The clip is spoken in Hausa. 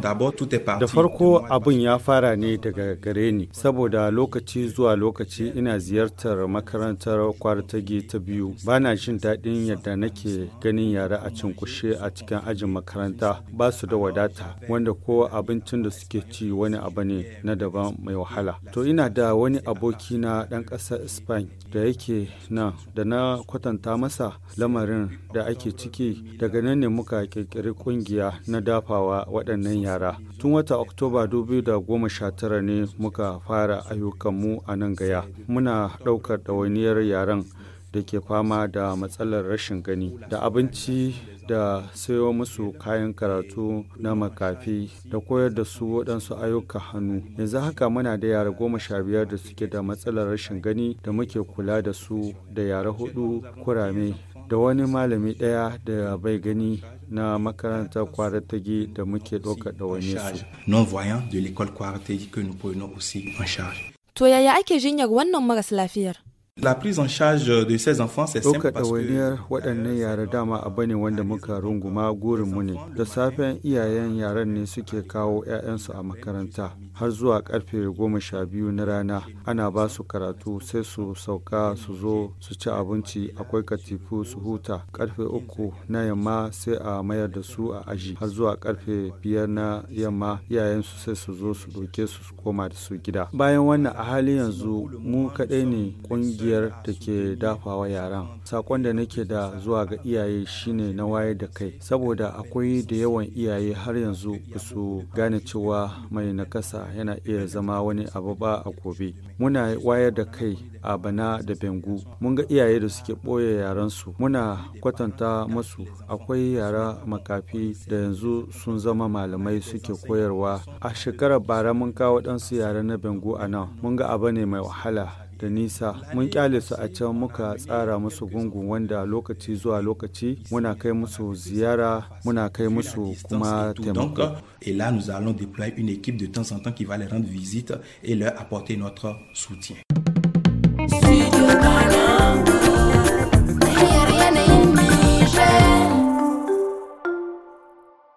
Da farko abin ya fara ne daga gare ni, saboda lokaci zuwa lokaci ina ziyartar makarantar kwartagi ta biyu. Bana jin daɗin yadda nake ganin yara a cinkushe a cikin ajin makaranta ba su da wadata, wanda ko abincin da suke ci wani abu ne na daban mai wahala. To ina da wani aboki na ɗan ƙasar Spain da yake nan da na kwatanta masa lamarin da ake ciki daga nan ne muka ƙirƙiri ƙungiya na dafawa waɗannan yara. yara. Tun wata Oktoba 2019 ne muka fara ayyukanmu a nan gaya. Muna ɗaukar ɗawainiyar yaran da ke fama da matsalar rashin gani da abinci da sayo musu kayan karatu na makafi da koyar da su waɗansu ayyuka hannu yanzu haka muna da yara goma sha biyar da suke da matsalar rashin gani da muke kula da su da yara hudu kurame da wani malami ɗaya da bai gani na makarantar kwaratage da muke ɗaukar ɗawainiyarsu. To yaya ake jinyar wannan maras lafiyar? La prise en charge de ces enfants, c'est simple parce que euh, waɗannan yara dama abu ne wanda muka runguma mu ne. Da euh, safen iyayen yaran ne suke kawo 'ya'yansu a euh, makaranta har zuwa karfe goma sha biyu na rana ana ba su karatu sai su sauka su zo su ci abinci akwai katifu su huta karfe uku na yamma sai a mayar da su a aji har zuwa karfe biyar na yamma iyayensu sai su zo su ɗauke su koma da su gida. Bayan wannan a halin yanzu mu kaɗai ne ƙungiyar kungiyar da ke dafawa yaran sakon da nake da zuwa ga iyaye shine na wayar da kai saboda akwai da yawan iyaye har yanzu su gane cewa mai nakasa yana iya zama wani abu ba a gobe muna wayar da kai a bana da bengu mun ga iyaye da suke ɓoye yaransu muna kwatanta masu akwai yara makafi da yanzu sun zama malamai suke koyarwa a shekarar bara mun kawo ɗansu yara na bengu a nan mun ga abu ne mai wahala da nisa mun kyale su a can muka tsara musu gungun wanda lokaci zuwa lokaci muna kai musu ziyara muna kai musu kuma taimako et là nous allons déployer une équipe de temps en temps qui va les rendre visite et leur apporter notre soutien Studio